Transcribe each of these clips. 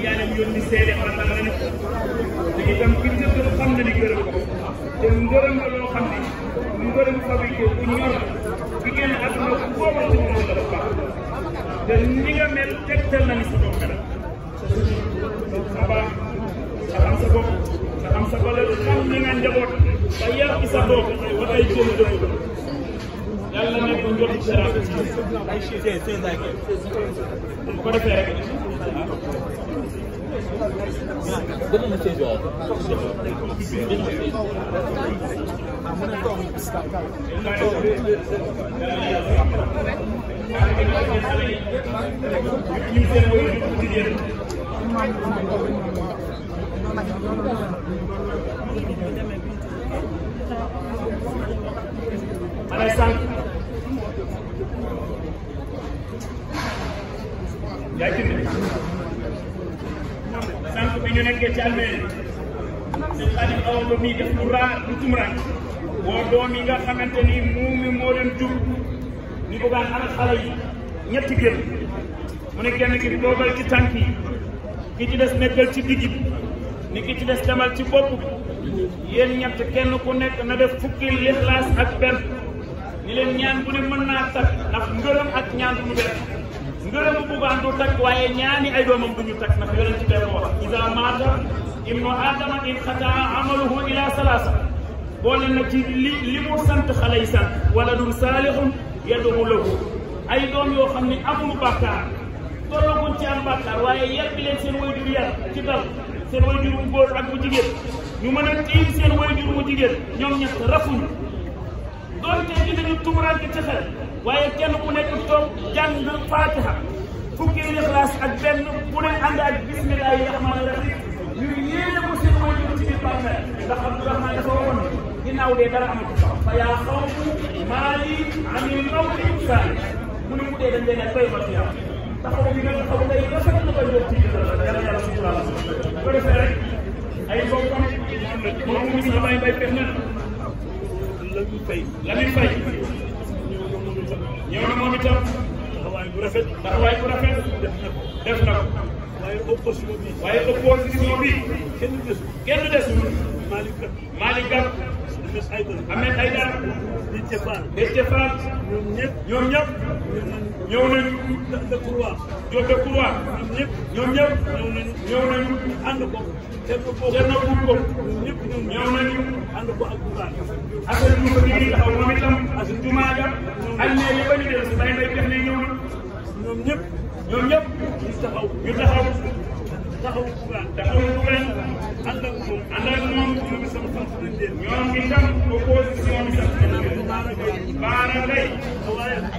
yaayam yónni seede xanaa la nekk te itam ki nga xam ne ni gërëm ko te ngërëm la loo xam ne ngërëm fabriqué bu ñor bi ngeen àdduna ku ko wax ci moom la baax te ni nga mel tegtal na ni sa doom kanam sa baax sa xam sa bopp sa xam sa valeur xam ni nga njaboot ba yàq sa doom wala ay jëm dëgg lan la nekk lu jot ci seraat bu ko defee rek Alexandre yaay sànq bi ñu nekkee ci almeri sëñ Xaadim Awa Ba mii def lu raar lu tumuraan woo doom yi nga xamante ni muumi moo leen jur ñu bëggaan amal xale yi ñetti gën mu ne kenn ki toogal ci tànk yi ki ci des nekkal ci digg bi ni ki ci des demal ci bopp bi yéen ñett kenn ku nekk na def fukki lixlaas ak benn ni leen ñaan bu ne mën naa tax ndax ngërëm ak ñaan bu mu def ngërëmu buggaan du takk waaye ñaani ay doomam duñu takk ndax yonent bi ko wax isa maata ibnu adama in xataa amaluhu ila salaasa boole na ci li li mu sant xale yi sant wala dum saalihun yad'u lahu ay doom yoo xam ne amul bàkkaar tollaguñ ci am bàkkaar waaye yar bi leen seen wayjur yar ci dal seen wayjur bu góor ak bu jigéen ñu mën a tiim seen wayjur bu jigéen ñoom ñett rafuñu doonte gi dañu tumuraanke ci xel waaye kenn ku nekk toog jàng faatiha fukki lixlaas ak benn bu ne ànd ak bismillaahi rahmaani rahiim ñu yéene ko seen wajur ci biir bàmmeel ndax Abdourahmaan dafa waxoon ginnaaw dee dara amatu fa yaa xawfu maa lii amee mawti saani mu ne mu dee dañ leen a koy wax yaa taxaw bi nga taxaw a rafet na koy jot ci yàlla yàlla sutura ko defee a ay bokkam moom mi ñu bay bay pex na la ñu fay la ñu fay rafet ndax waaye bu rafet def na ko waaye opposition bi waaye opposition bi kenn desul kenn desul Malick Gakou Malick Gakou Ahmed Aïdara Déthié Fall Déthié Fall ñoom ñëpp ñoom ñëpp ñëw nañu Decroix Diop Decroix ñoom ñëpp ñëw nañu ànd ko Thierno Boucco ñëw nañu ànd ko ak Bougane Assane Diouf mi ngi taxaw moom itam Assane Diouf Maga ak ñoom yëpp a ñu dellu si bay bay def ne ñëw ñoom ñëpp ñoom ñëpp ñu taxaw ñu taxaw taxaw bugaan taxaw bugaan ànd ak moom ànd ak moom ñoom itam sant nañ leen ñoom itam opposition bi tam baara gay baara gay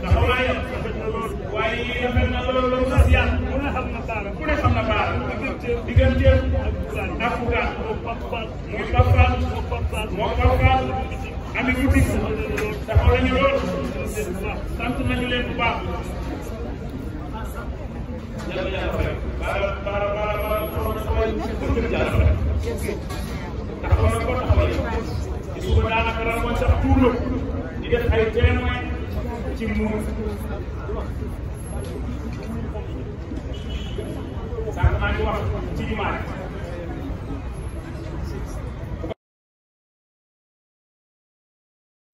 taxawaayam taxawaayam rafet na lool waaye rafet na lool loolu sax yàlla ku ne xam na baara ku ne xam na baara digganteel digganteel ak bugaan ak bugaan moo papaal muy papaal moo papaal moo papaal ami boutique taxaw nañu lool sant nañu leen bu baax yàlla yàlla fay baara baara baara baara taxawal pour ñu yàlla fay taxawal ko taxawal gis ko daanaka ren mooy sax tuur na di def ay témoin ci muur sànq maa ngi wax ci imaam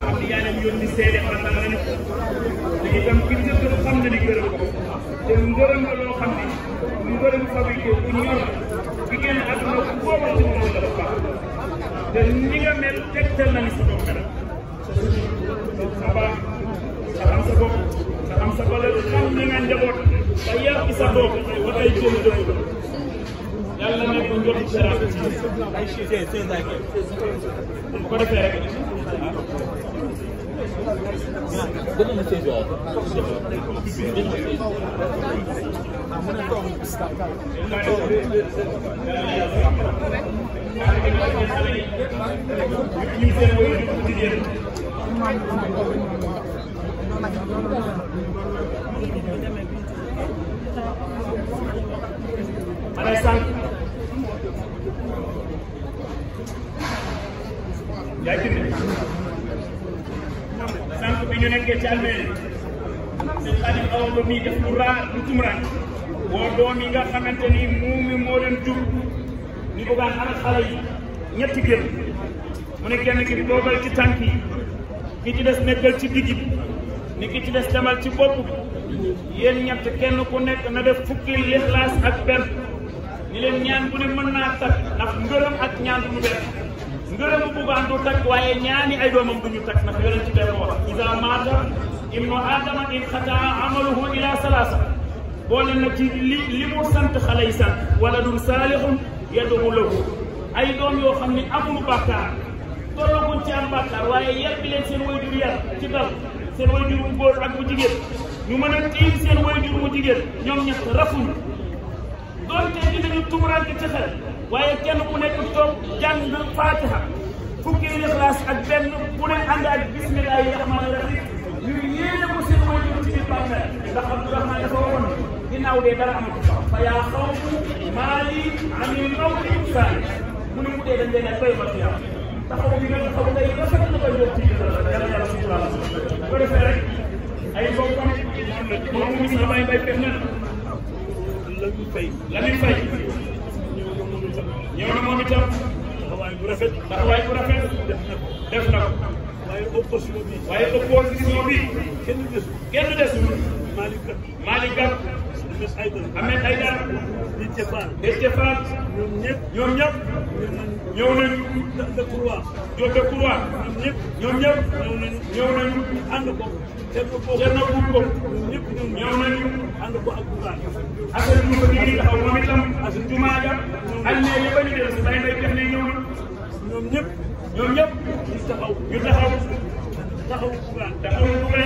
am na yàlla yónni seede wala dara te yar isa bopp ba tey jéem a dëkk yàlla nekk njort seraat bu ko defee rek Thank you. ma ne sànq yaa ngi tudd sànq bi ñu nekkee ci almeri seen xarit awoon ba muy def lu raar lu tumuraan woo doom yi nga xamante ni muumi moo leen jur ñu a ana xale yi ñetti gën mu ne kenn ki toogal ci tànk yi ki ci des nekkal ci digg ni ki ci des demal ci bopp bi yéen ñett kenn ku nekk na def fukki lixlaas ak benn ni leen ñaan bu ne mën naa takk ndax ngërëm ak ñaan du ñu benn ngërëmu bugaan du takk waaye ñaani ay doomam du ñu takk ndax yonent ci benn wax isa maata ibnu aadama in xataa amaluhu ila salaasa boole na ci li li mu sant xale yi sant wala dum saalihun yad'u lahu ay doom yoo xam ni amul bàkkaar tollaguñ ci am bàkkaar waaye yar bi leen seen way jur yar ci dal seen way jur bu góor ak bu jigéen ñu mën a tiim seen waajur mu jigéen ñoom ñett rafuñu doonte dinañu tumuraanke ci xel waaye kenn ku nekk toog jàng faatiha fukki Ixlaas ak benn bu ne ànd ak bismillaahi rahmaani rahiim ñu yéene ko seen waajur ci biir bàmmeel ndax Abdourahmaan dafa waxoon ginnaaw dee dara amatu fa yaa xawfu maa lii amee mawti saani mu ne mu dee dañ leen a koy matu yàlla taxaw bi nga xam ngay rafet na koy yóbbu ci biir yàlla yàlla sutura ko defee rek moom mu ngi ñu bàyyi bay pex na Lamine Faye Lamine Faye ñëw na moom itam taxawaay bu rafet taxawaay bu rafet def na ko waaye opposition bi waaye opposition bi kenn desul kenn desul Malick Gakou Malick Gakou Idriss Aïdara. Ahmed Aïdara. Déthié Fall. Déthié Fall. ñoom ñëpp. ñoom ñëpp. ñëw nañu Decroix. Diop Decroix. ñoom ñëpp. ñoom ñëpp. ñëw nañu. ñëw nañu ànd ko. kenn ko kenn ku ko. ñoom ñëpp ñoom ñëw nañu. ànd ko ak Bougane. affaire bi ñu ko liggéey taxaw moom itam. ak jumaa ja. ak léegi ba ñu dellu si bay bay def ne ñëw na. ñoom ñëpp. ñoom ñëpp ñu taxaw ñu taxaw. taxawu Bougane taxawu Bougane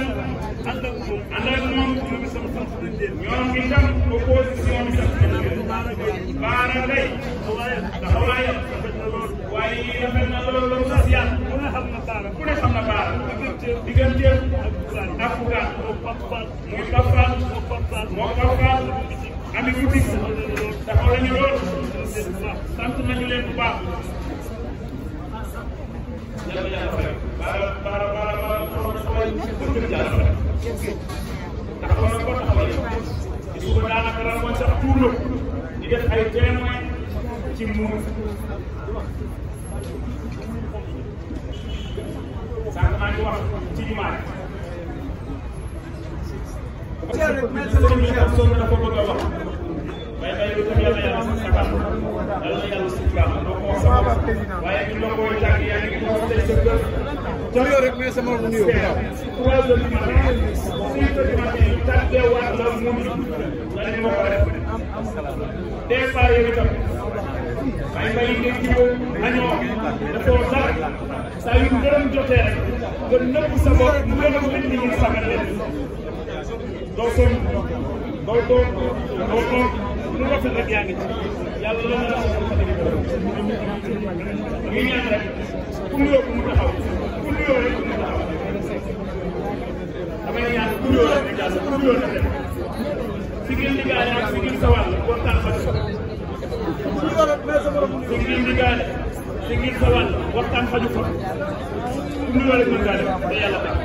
ànd ak moom ànd ak moom ñoom itam sant nañ leen ñoom itam opposition bi sant nañ leen baara ngay taxawaayam taxawaayam rafet na lool waaye yi rafet na lool loolu sax yàlla ku ne xam na baara ku ne xam na baara digganteem digganteem ak Bougane ak Bougane moo Fapal muy Fapal moo Fapal moo Fapal ami boutique taxaw nañu lool sant nañu leen bu baax maanaam maanaam maanaam xool xool pour nga jaajëfal ndax war na ko taxawal gis nga daanaka ramoon sax tuur na di def ay témoin ci muur sànq maa ngi wax ci jumaa sonn na ko bëgg a wax waaye may lu tax yàlla yàlla sax sa baax yàlla yàlla suñu baax doo ko wax sa waaye ñu la koy Cariyo rek mais sama mu nuyoo waaw. trois heures du matin cinq heures du matin tardé waat la mu ngi la ne ma ko def des fois yow itam ay mbay yi ngeen añoo dafoo dar saa yu jotee rek nga nëpp mu gën a mel ni ñu sagal leen doo sonn doo toog doo yaa ngi ci yàlla loolu la ñu ñaan ku nuyoo ko mu taxaw ku nuyoo rek mu taxaw dama ne ñaan ku nuyoo rek nga jàll ku nuyoo rek dem si ngeen liggéey ak si ngeen sawar waxtaan ba si ngeen liggéey si ngeen sawar waxtaan faju fa ku nuyoo rek mën ngaa def te yàlla tax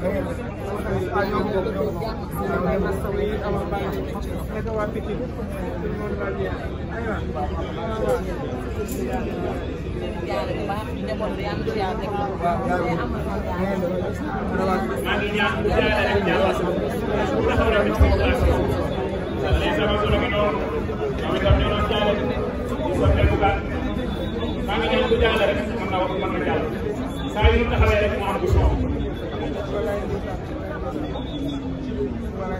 Thank you. ñoo ko bokk ñoo koy masawu yi awa baal yi nekk waa Pikine ñu mën baal yi aywa maa ngi ñaan ku jàll rek mën naa war mën na jàll saa yu taxawee rek mu am bu soxla maa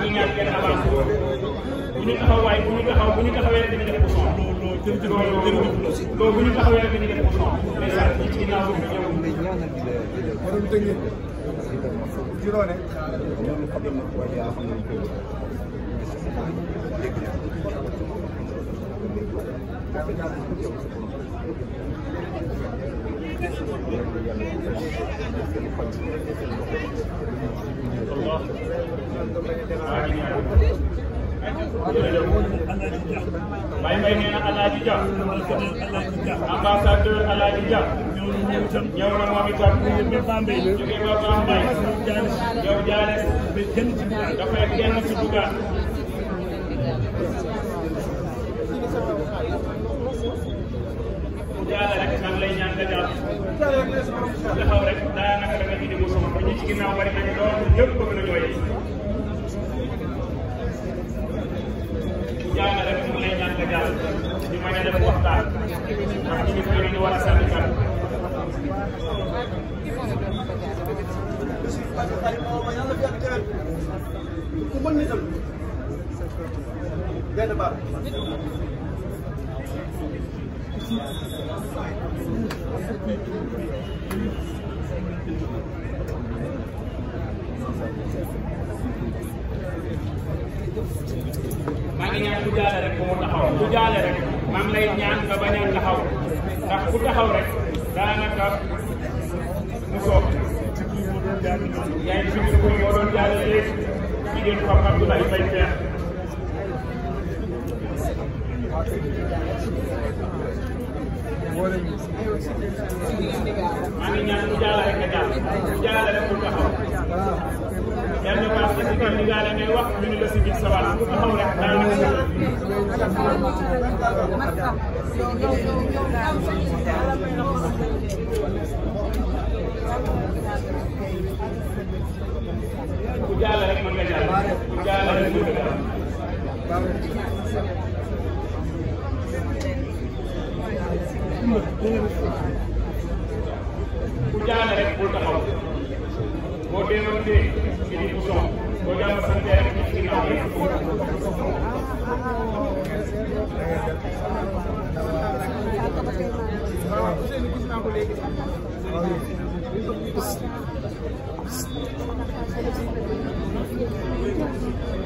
ngi ñaan benn avance bu ñu taxaw waaye bu ñu taxaw bu ñu taxawee rek dina def ko sonn loolu bu ñu taxawee rek dina def ko sonn mais sax ñi ci ginnaaw bi ñëw. Baye Mbaye nee na Alaaji Dia ambassadeur Alaaji Dia ñëw na moom itam jóge ba Bambey ñëw Dianes dafay kenn ci Bougane yàlla rek man lay ñaan nga jàpp taxaw rek daanaka danga indi bu sama ba ñu ci ginnaaw bari nañu lool ñëpp bëgg na jooy yàlla rek man lay ñaan nga jàpp ñu mën a def waxtaan ndax ñu ngi koy ñu war a sànni kan ku mën ni tam benn baat maa ngi ñaan ku jaale rek moo taxaw ku jaale rek maa ngi lay ñaan nga bañ a taxaw ndax ku taxaw rek daanaka mu soog yaa ngi suñu ko moo doon jaale léegi jigéen ko xam du lay fay feex mboolem maa ngi ñaan mu jaarale nga jaar mu jaarale rek mu taxaw yal na baax ci kan li jaarale ngay wax ñu ne la si biir sa wàll mu taxaw rek dara nag ku jaarale rek mën nga jaar ku jaarale rek mën nga jaar ku jaana rek bul taxaw boo deewoon dee ci di bu soxla boo jaana sante rek ñu ci ginnaaw rek Thank you.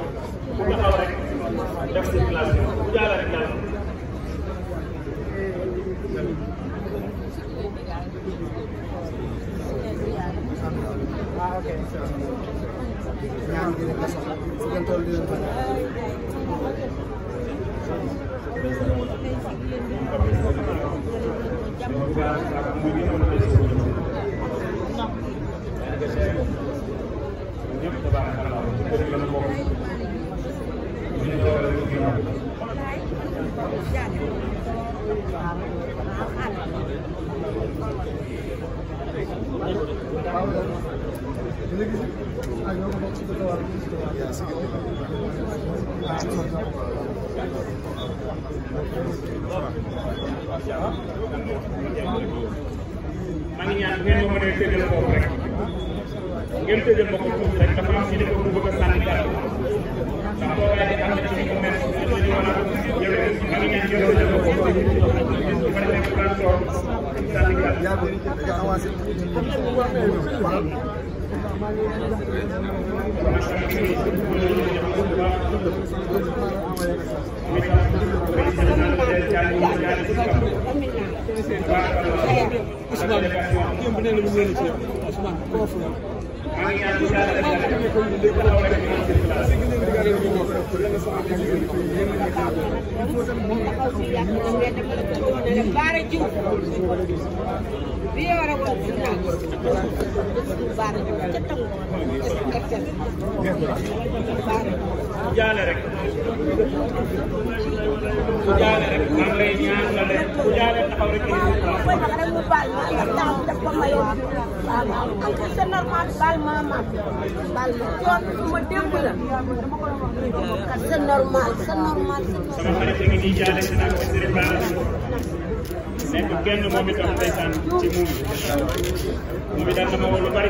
maa ngi ñaan ngeen ma mënee tëjal foofu rek ngeen tëjal ma ko tuuti rek dafa am ñu ne ko bu bëgg a sànni dara ndax boo waxee am na ci ñu mel ñu war a yëwee maa ngi ñaan ngeen tëjal ma ko tuuti ma ne leen transport sànni dara. Bara Diouf biye wara ko baara ko ci tango jaale rek su jaale rek man lay ñaan la rek su jaale taxaw rek encore c'est normal baal maa maa baal ma yoon su ma démb la c'est normal c'est normal c'est normal. nekk kenn moom itam ndeysaan ci moom moom itam dama woo lu bari.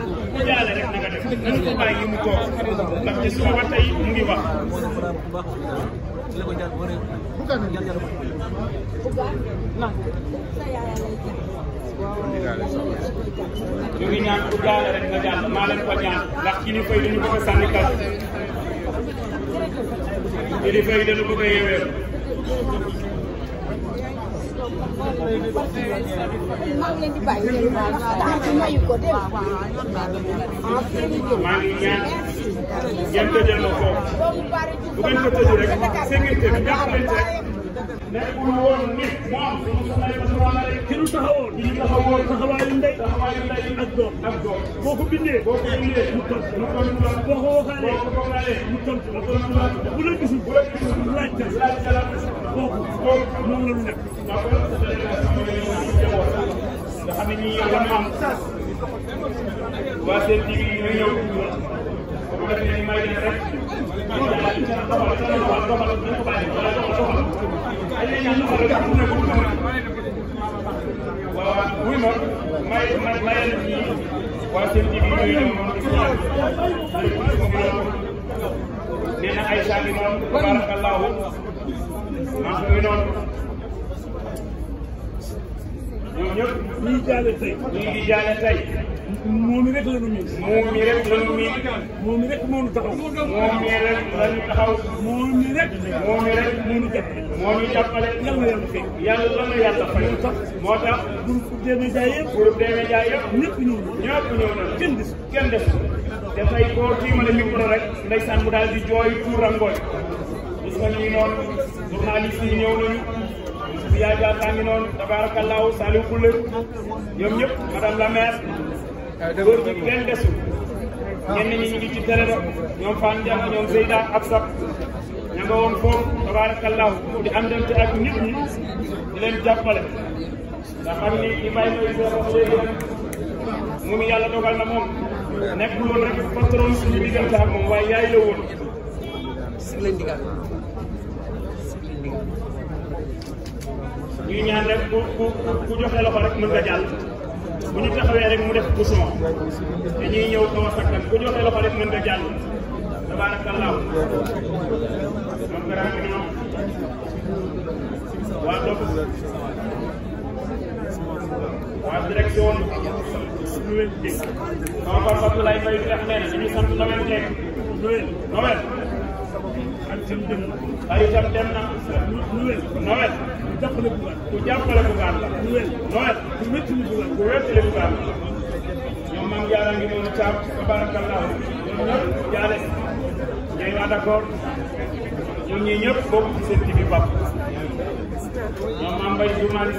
ku jaale rek na nga mu toog ndax ci suba ba tey mu ngi wax. ñu ngi ñaan ku jaale rek nga jàll maa leen ko ñaan ndax kilifa yi dañu bëgg a sànni kàddu kilifa a maa ngi leen di bàyyi leen ndax mayu ko dem maa ngi ñaan ngeen tëjal ma foofu bu ngeen ko tëjee rek sécurité bi jàpp leen nekkul woon nit moom suñu soxla yi dafa war a rek. ki ñu taxawoon ki ñu taxawoon taxawaayu ndey. taxawaayu ndey ak doom ak doom. boo ko bindee. boo ko bindee mu tontu. mu tontu la boo ko waxaalee. boo ko waxaalee mu tontu la. tontu la bu la gisul. bu la gisul laaj ka laaj ka la kooku. kooku moom la ñu nekk. nga xam ne ñii yow la ñu am. waa seen jigéen ñi ñëw. bu ko defee may leen rek. wuy ma may may yi waa seen ji bi ñuy dem nee na ay saa bi moom barakallahu maa ngi noonu ñoom ñëpp ñuy jaale tey ñuy jaale tey moom mi rek la ñu miin. moom mi rek la ñu miin. moom mi rek moo ñu taxaw. moom mi rek la ñu moom mi rek. moom na yàlla fay. yàlla na yàlla fay. moo tax moo tax. groupe des médias yëpp. yëpp. ñëpp ñëw na. mu daal di jooy tuur rangooy. gis nga ñuy ñëw nañu. Sya Dia taa ngi noonu tabaarakallaahu Saliou Koule ñoom ñëpp madame la maire. Euh, góor gi kenn desul ñenn ñi ñu ngi ci télé ñoom Fane Diallo ñoom Seyda Absab ña nga woon tabarakallahu di àndante ak nit ñi di leen jàppale nga xam ni li bàyyi mooy soo wax léegi moom dogal na moom nekkul woon rek patron suñu diggante ak moom waaye yaay la woon ñuy ñaan rek ku ku ku joxe loxo mën nga bu ñu taxawee rek mu def doucement dañuy ñëw xaw a sakkan bu joxee loxo rek mën nga jàll tabaarakallaahu waa topp waa direction Noël Dieng sama papa lay fay fex leen dañuy sant Noël Dieng Noël Noël ak seen dënn waaye itam la Noël Noël bu métti lu dugal bu wér leen dugal ñoom maam jaara ngi ñëw na caab tabarakallahu ñoom ñëpp jaale ngeen waa d'accord ñoom ñii ñëpp bokk ci seen TV Pape ñoom maam Mbaye Dioumane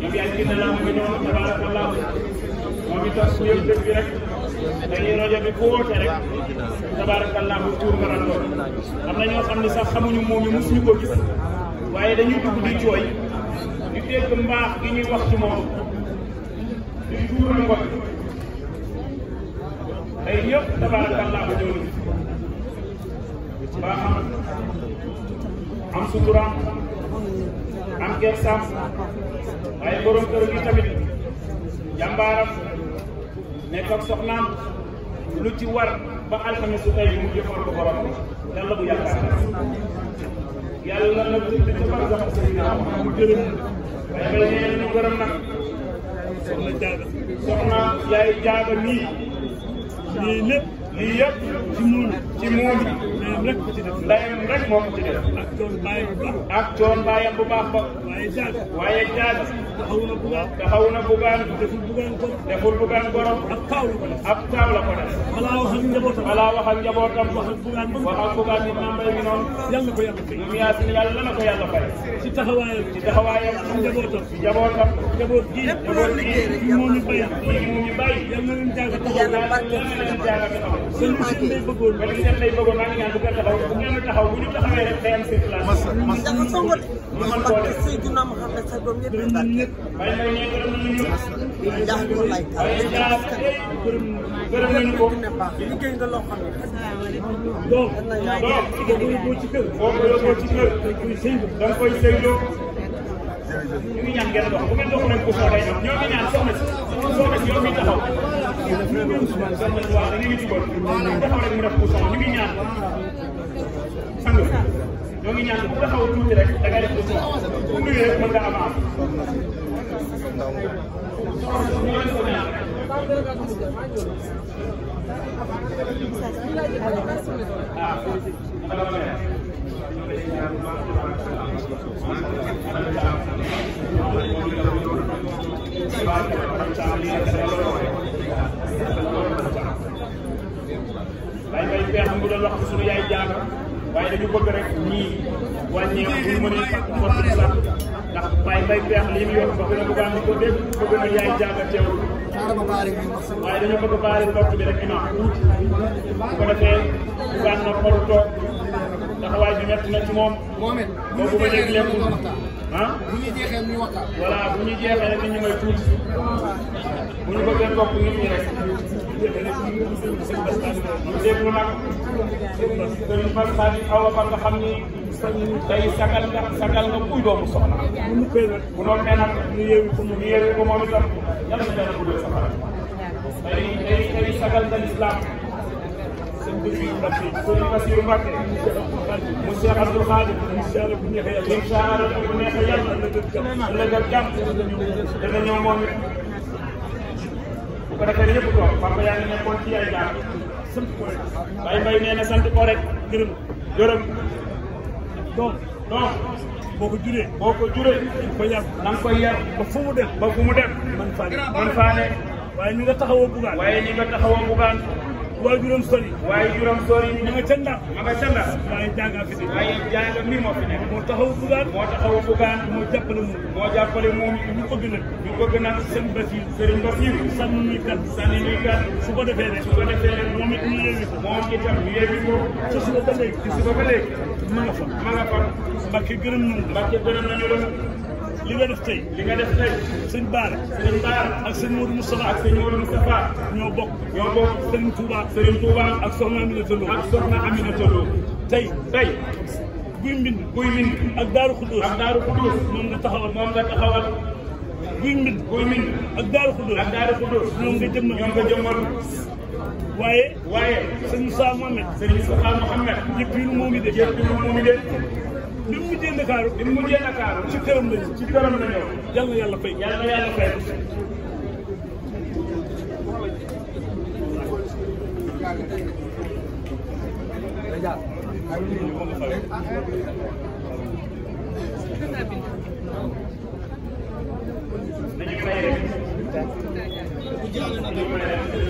ñoom yaay Kiné Lam ngi ñëw na tabarakallahu moom itam suñu yëpp dëgg bi rek dañuy rajo bi ku woote rek tabarakallahu tuur nga randoo am na ñoo xam ne sax xamuñu moom ñu ko gis waaye dañuy dugg di jooy dégg mbaax gi ñuy wax ci moom di duur lu bon tey yëpp tabaarakallaahu ñëw na baaxam am suturaam am kersaam waaye borom kër gi tamit jàmbaaram nekk ak soxnaam lu ci war ba alxames su tey mu jëfal ko borom yàlla bu yaakaar yàlla na ko ci barke Seydina mu jërëm dama leen di gërëm nag soxna jaaga soxna lii lépp lii yëpp ci muunu ci muunu layam rek ko ci def layam rek moo ko ci def ak coon bàyyam bu baax ak coon bàyyam bu baax ba waaye jaag waaye jaag taxaw na bugaan taxaw na bugaan deful bugaan ko deful bugaan borom ab taaw la ko def ab taaw la ko def balaa wax ak njabootam balaa wax ak njabootam wax ak bugaan wax ak bugaan ni maam mbay mi noonu yàlla na ko yàlla fay ñoom yaasin yàlla na ko yàlla fay ci taxawaayam ci taxawaayam ci njabootam ci njabootam njaboot gii njaboot gii mu ñu bay mu ñu bay yàlla na leen jàngal taxaw yàlla na leen jàngal taxaw bëggoon wala seen lay bëggoon maa ngi ñaan bu gën taxaw bu ngeen taxaw bu ñu taxawee rek day am circulation. masa masa dafa songo de. ñu mën koo def si ginnaaw ma xam ne sa doom yëpp la nekk. bàyyi ma ñëw gërëm nañu ñu. ndax ñu lay taw dañu ko askan wi. gërëm nañu ko dina baax liggéey nga loo xam ne. donc donc jigéen boo ko yóbboo ci kër. boo ko yóbboo ci kër da nga koy sëy da nga koy sëyloo. ñu ngi ñaan ngeen dox bu ngeen doxul rek ku soxla ñoom ñoo ngi ñaan soxna si soxna si yow mi taxaw soxna si waaw da ngeen di dugal taxaw rek mu def ku soxla ñu ngi ñaan sang ñoo ngi ñaan ku taxaw tuuti rek da ngay def ku soxla ku nuyu rek mën nga am am ah waaye bay peex mu doon wax suñu yaay jaana waaye dañu bëgg rek ñii wàññeeku bu ñu mënee fàq ko suñu sax yaay jaana teewul waaye dañu bëgg baari ndox bi taxawaay bi métti na ci moom. moom it bu ñu jeexee rek ñu waxtaan ah bu ñu jeexee ñu waxtaan. voilà bu ñu jeexee rek nit ñi may tuuti bu ñu bëggee topp nit ñi rek. déglu nag sëriñ Bas Sali awa ba nga xam ni tey sagal nga sagal nga kuy doomu soxna. bu doon nee nag ñu yeewu ko mu yeewu ko moom itam yàlla na yàlla guddal safara. tey tey tey sagal nga lislaam sëñ bi sëriñ Basiru Mbàkke mu Seex Abdul Xaadir incha allah bu neexee yàlla ëllëgal jàmm dana ñëw moom it bu ko defee ñëpp toog papa yaa ngi nekkoon ci ay gaar sant ko rek waaye mbay nee na sant ko rek gërëm gërëm donc donc boo ko juree boo ko juree ba yàgg na nga koy yar ba fu mu dem ba fu mu dem man faa man faa ne waaye ni nga taxawoo bugaan waaye ni nga taxawoo bugaan waajuram sori waajuram sori ma nga ca Ndar ma nga ca Ndar waaye jàngaa fi nekk waaye jànga mbir moo fi nekk moo taxaw bugaan moo taxaw bugaan moo jàppale moom moo jàppale moom ñu bëgg nag ñu bëgg nag seen Basiir sëriñ Basiir sànni ñuy kat sànni ñuy kat su ko defee rek su ko defee rek moom it ñu yeewi ko moom itam ñu yeewi ko ci suba ba léegi suba ba léegi ma nga fa ma nga fa Mbacke gërëm nañu li nga def tey li nga def tey sëñ Baara sëñ Baara ak sëñ Modou Moustapha ak sëñ Modou Moustapha ñoo bokk ñoo bokk sëñ Touba sëñ Touba ak soxna Aminata Lo ak soxna Aminata Lo tey tey buy mbind buy mbind ak Daaru Xudóos ak Daaru Xudóos moom nga taxawal moom nga taxawal buy mbind buy mbind ak Daaru Xudóos ak Daaru Xudóos ñoom nga jëmmal ñoom nga jëmmal waaye waaye sëñ Moussa Mohamed sëñ Moussa Mohamed jëpp yu moom yi de jëpp yu moom yi de bi mu mujjee Ndakaaru bi mu mujjee Ndakaaru ci këram lañu ci këram lañu yal na yàlla fay yal na yàlla fay Thank you.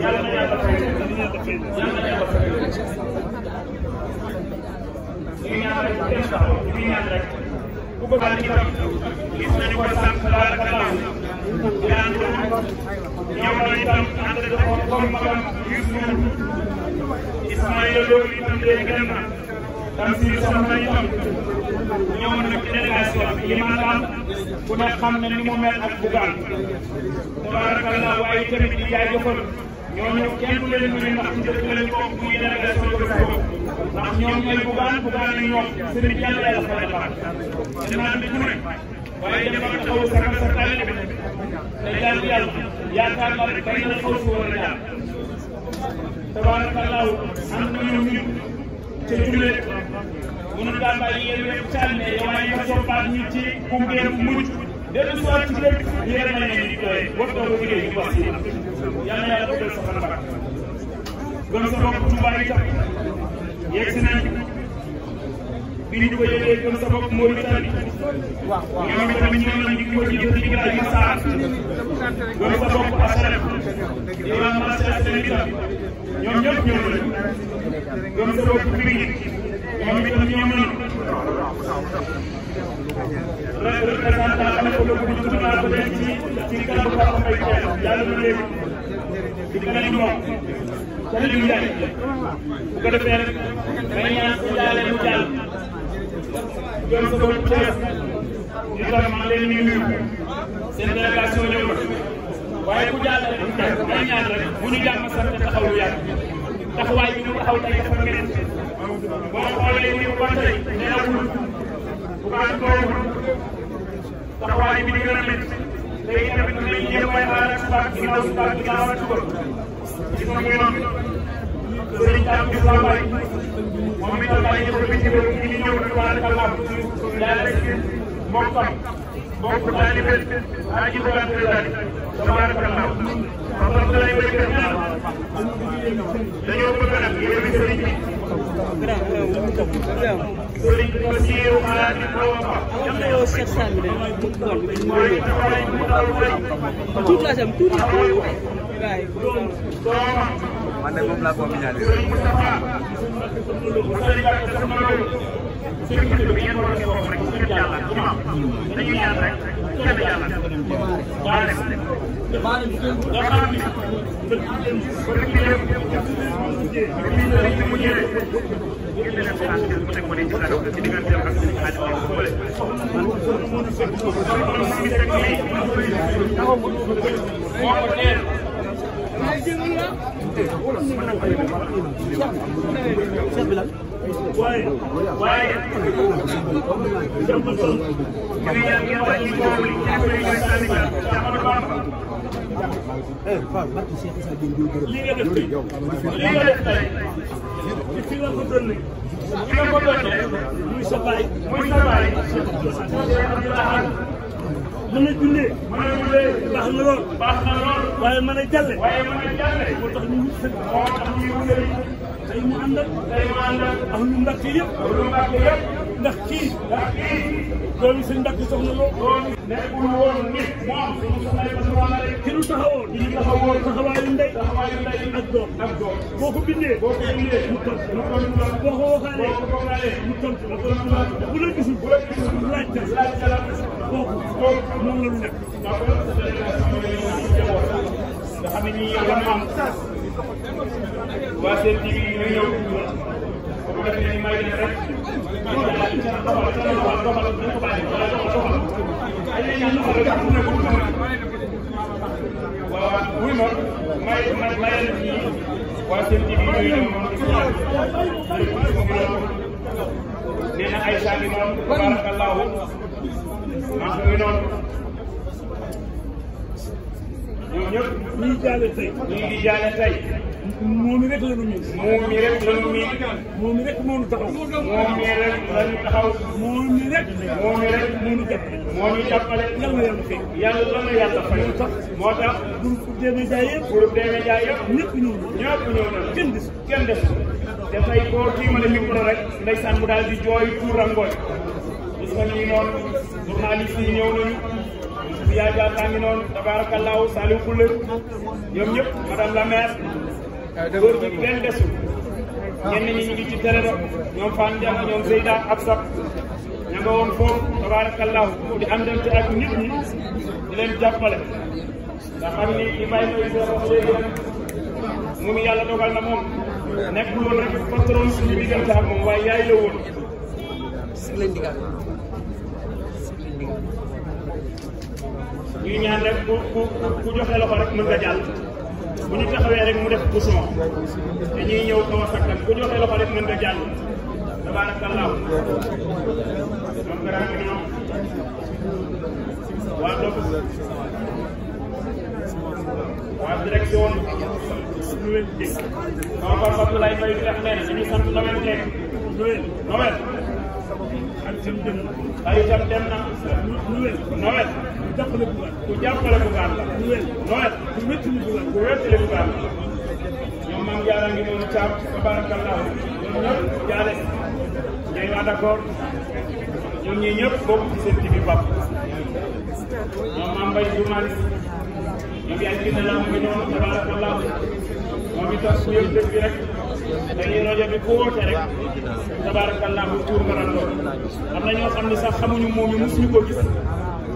yàlla na yàlla fay yàlla na yàlla fay ñu ñaan rek ñu ñaan rek ku ko baal itam gis nañu ko sant tabaarakallah ñaan ñëw na itam ànd ak comme comme Youssou Ismaïla Lo itam léegi dem na Tamsir soxna itam ñëw na ci délégation bi li ma laal ku ne xam ne ni mu mel ak bugaan tabaarakallah waaye tamit di jaajëfal ñooñu kenn leen mën a ndax njëkk leen ko muy délégation bi ko ndax ñoom ñooy sa sa te jàll yàlla yaakaar naa si a a ne ni yàlla yàlla ko def sa fan ba gëm sa bopp Touba itam yegg si nañ bi ñu ko yëgee gëm sa bopp mooy tali ñoom itam ñoom lañ di ko jël ci ay masaar gëm sa bopp asalem diwaan masaar seen itam ñoom ñëpp ñoom lañ gëm sa bopp Pikine ñoom itam ñoom lañ représentant am na ko bëgg ci ci kanam Papa Mbaye Diène yàlla na léegi di gën a di moom te li mu jaay bu ko defee rek may ñaan su jàllee mu jàll doon sa bët tees di tax ma leen ni nuyu seen délégation ñëw na waaye bu jàll rek may ñaan rek bu ñu jàmm sax te taxaw lu yàgg taxawaay bi mu taxaw tey dafa mel boo xoolee ni ba tey nelawul bu ko taxawaay bi di gën a métti tey tamit lu mel nii mooy aar ak baax ginnaaw baax ginnaaw ak suba. gis nga muy noonu. sëriñ Thiam di Fambaye. moom itam bàyyi ko bitim réew mi ngi ñëw di waar ak laam. yàlla rek mbokkam. mbokk taalibe aji bu gàtt daal tabarakallah. Papa Abdoulaye Mbaye dañoo bëgg nag yéen a sëriñ bi. Sëriñ Basiru Alaji Bamba. am na yow sept cent mille tuuti la sam tuuti waay. man de moom laa ko miñaale. Sëriñ waaye waaw barke Cheikh Issa Dieng yow def tey lii nga def tey a jullee mën a ndax kii doomi sëñ Mbàkke soxna loo ki woon nit moom suñu soxna yi ma wala rek ci lu taxawoon ñu taxawoon taxawaayu ndey ak doom ak doom boo ko bindee boo ko bindee mu tontu boo ko waxaalee mu tontu bu la nekk bu defee ne may leen rek loolu daal di doxal doxal doxal dañ ko bàyyi wala doxal doxal ay ay yàlla doxal rek ne ko waaw wuy ma may may may leen ñii waa seen TV ñooy dem moom di ko ñaan nee na ay saa ngi noonu tabarakallahu maa ngi noonu ñoom ñëpp ñuy jaale tey ñuy di jaale tey moom rek la nu miin. moom mi rek la nu miin. moom rek moo nu taxaw. moom mi rek moom mi rek. moom mi rek moo nu jàppale. nu jàppale. yàlla na yàlla fay. yàlla na moo tax moo tax. groupe yëpp. ñëpp ñëw na. ñëpp ñëw na. kenn des kenn des dafay boo kii mën a micro rek. ndeysaan ñëpp madame la maire. góor gi benn desul ñenn ñi ñu ngi ci télé ba ñoom Fane Diakha ñoom Seyda ak Sab ña woon foofu tabarakallahu di àndante ak nit ñi di leen jàppale nga xam ni li may mooy soo wax léegi nag mu dogal na moom nekkul woon rek patron suñu diggante ak moom waaye yaay la woon. ñuy ñaan rek ku ku ku joxe loxo rek mën nga bu ñu taxawee rek mu def bouchon dañuy ñëw kaw a sakkan bu joxee loxo rek mën nga jàll tabaarakallaa moom garaan bi noonu waa dopp waa direction Noël dégg sama papa Abdoulaye Faye bi def nee na dañuy sant Noël tey Noël Noël ak jëm jëm ay itam dem na. nawet. ku jàppale bu la. nawet. ku wéttali bu baax. ku wéttali bu baax la. ñoom maam ngi noonu Thiam tabarakallahu ñoom ñëpp jaare ngay waa d'accord ñoom ñii ñëpp bokk ci seen TV Pape. maam Mbaye journaliste. ñoom yaa ngi gis mu ngi noonu tabarakallahu moom itam ku yëg dëgg dañuy rajo bi ku woote rek tabaarakallahu tuur nga naan loolu am na ñoo xam ne sax xamuñu moom yi mosuñu ko gis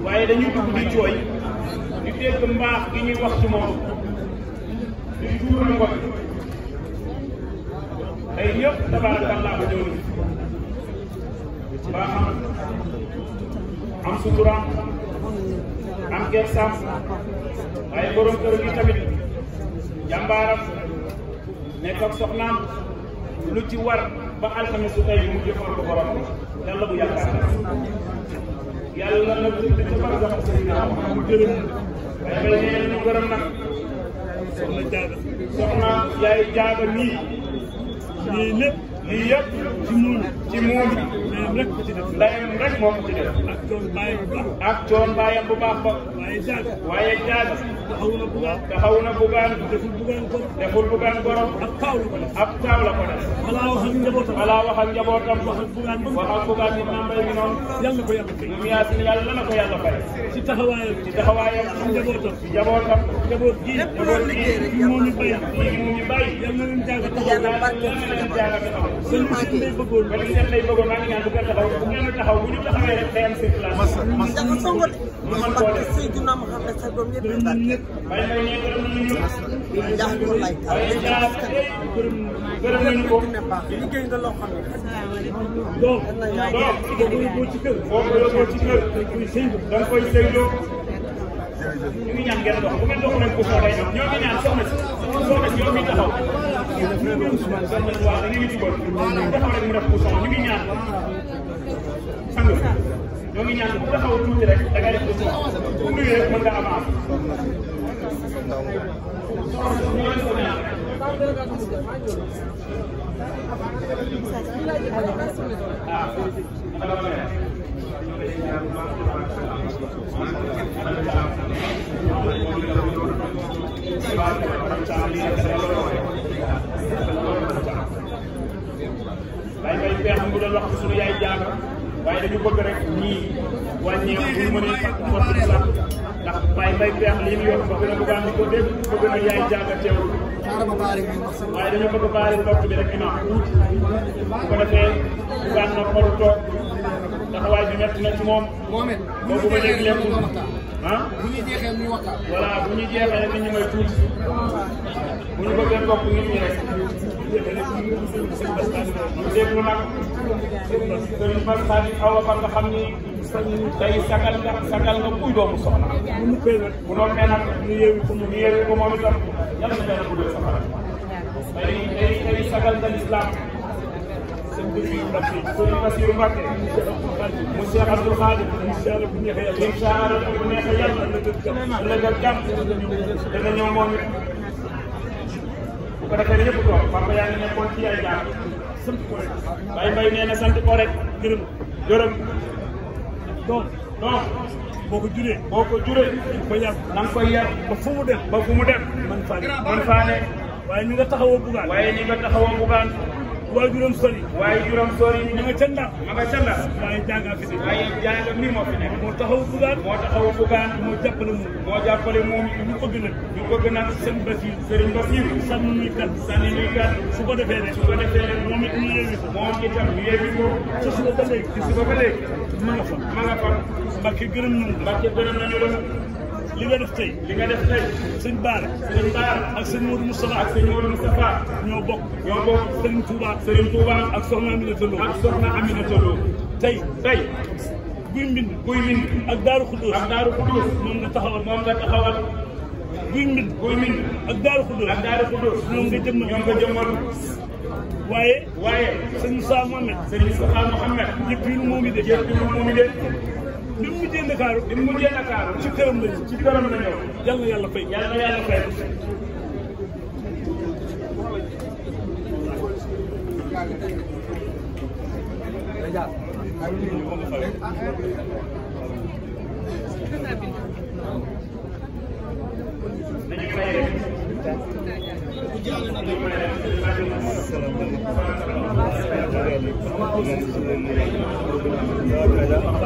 waaye dañuy dugg di jooy di dégg mbaax gi ñuy wax ci moom di tuur ngoy day yëpp tabaarakallahu ñëw baaxam am suturaam am gersaam waaye borom kër gi tamit jàmbaaram nekk ak soxnaam war ba alxames su tey bi mu jëfal bu yaakaar yàlla na dund ca barsax Seydina mu jërëm waaye mel jaaga soxna yaay jaaga nii lii ci muum rek ko ci def ndayam rek moo ko ci def ak coon bàyyam bu baax ak coon bàyyam bu baax ba waaye jaag waaye jaag taxaw na bugaan taxaw na bugaan deful bugaan borom deful bugaan borom ab taaw la ko def ab taaw la ko def balaa wax ak njabootam balaa wax ak njabootam wax ak bugaan wax ak bugaan bi maam bay bi noonu yàlla ko yàlla fay ñoom yaasin yàlla na ko yàlla fay ci taxawaayam ci taxawaayam ci njabootam ci njabootam njaboot gii njaboot gii gi moo ñu bay gi moo ñu bay yàlla na leen jaaga taxaw yàlla na leen jaaga taxaw sëñ bi bëggoon seen lay bëggoon maa ngi ñaan bu kenn taxaw bu ngeen taxaw bu ñu taxawee rek day am seen place. masa masa mën koo def mën koo def mën koo def. waaye mooy ñoom gërëm nañu ñëpp. jaajëfal laay taal léegi parce que gërëm gërëm nañu ko. liggéey nga loo xam ne. donc donc boo ci kër. boo ko yóbboo ci kër dañ koy sëñ da nga koy sëñ loo. ñu ngi ñaan ngeen dox bu ngeen dox nañ ko soxla ñoo ngi ñaan soxna si. yow mi taxaw waaw dañu ngi dugal taxaw rek mu def pour ñu ngi ñaan sang ñoo ngi ñaan bu taxaw tuuti rek da ngay def pour son bu nuyu rek mën nga avance ah day bay peex mu doon wax suñu yaay jaaga waaye dañu bëgg rek ñii wàññeeku bu ñu mënee waaye bay peex li mu yor na bëgg naa ko dégg bëgg na yaay jaaga bu ko defee bëgg na xolu bi métti na ci moom boobu ba léegi ah bu ñu jeexee ñu waxtaan. voilà bu ñu jeexee rek ñu may tuuti bu ñu bëggee topp nit ñi rek déglu nag sëriñ Ba Sadi Awa Ba nga xam ni tey sagal nga sagal nga kuy doomu soxna. bu doon nee nag ñu yeewi ko ñu yeewi ko moom itam yàlla na benn bu dee safara tey tey tey sagal nga lislaam sëñ bi sëñ Bassirou Mbacké mu Cheikh Abdou Khadim inshallah bu neexee yàlla inshallah bu neexee yàlla la nga jàpp dana ñëw moom it bu ko defee ñëpp toog papa yaa ngi nekkoon ci ay jaar sant ko rek Baye Mbaye nee na sant ko rek gërëm gërëm doom doom boo ko juree boo ko juree ba yàgg na nga koy yar ba fu mu dem ba fu mu dem man faa man faa ne waaye ñu nga taxawoo bugaan waaye ñu nga taxawoo bugaan waajuram sori. waajuram sori. ma nga ca Ndar. ma nga ca Ndar. waaye jaaga fi ne. waaye jaaga mbir moo fi ne. moo taxaw bugaan. moo taxaw bugaan. moo jàppale moom. moo jàppale moom ñu bëgg nag. ñu bëgg nag seen Basiir. Sëriñ Basiir. sànni muy kat. sànni muy kat. su ko defee rek. su ko defee rek moom it ñu yëngu ko. moom itam ñu yëngu ko. ci suba ba léegi. ci suba ba léegi. ma nga fa. ma nga fa. Mbacke gërëm nañu. Mbacke gërëm nañu la. li nga def tey li nga def tey sëñ Baara sëñ Baara ak sëñ Modou Moustapha ak sëñ Modou Moustapha ñoo bokk ñoo bokk sëriñ Touba sëriñ Touba ak soxna Aminata Lo ak soxna Aminata Lo tey tey guy mbind guy mbind ak Daaru Xudóos ak Daaru Xudóos moom nga taxawal moom nga taxawal guy mbind guy mbind ak Daaru Xudóos ak Daaru Xudóos ñoom nga jëmmal ñoom nga jëmmal waaye waaye sëñ Moussa Mohamed sëñ Moussa Mohamed yëpp yu moom yi de yëpp yu moom yi de bi mu mujjee Ndakaaru bi mu mujjee Ndakaaru ci këram la ci këram la ñëw yal na yàlla fay yal na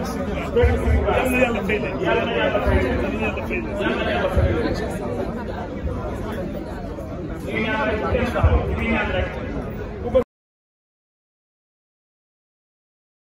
barke si yàlla na yàlla fay leen yàlla na yàlla fay leen yàlla na yàlla fay leen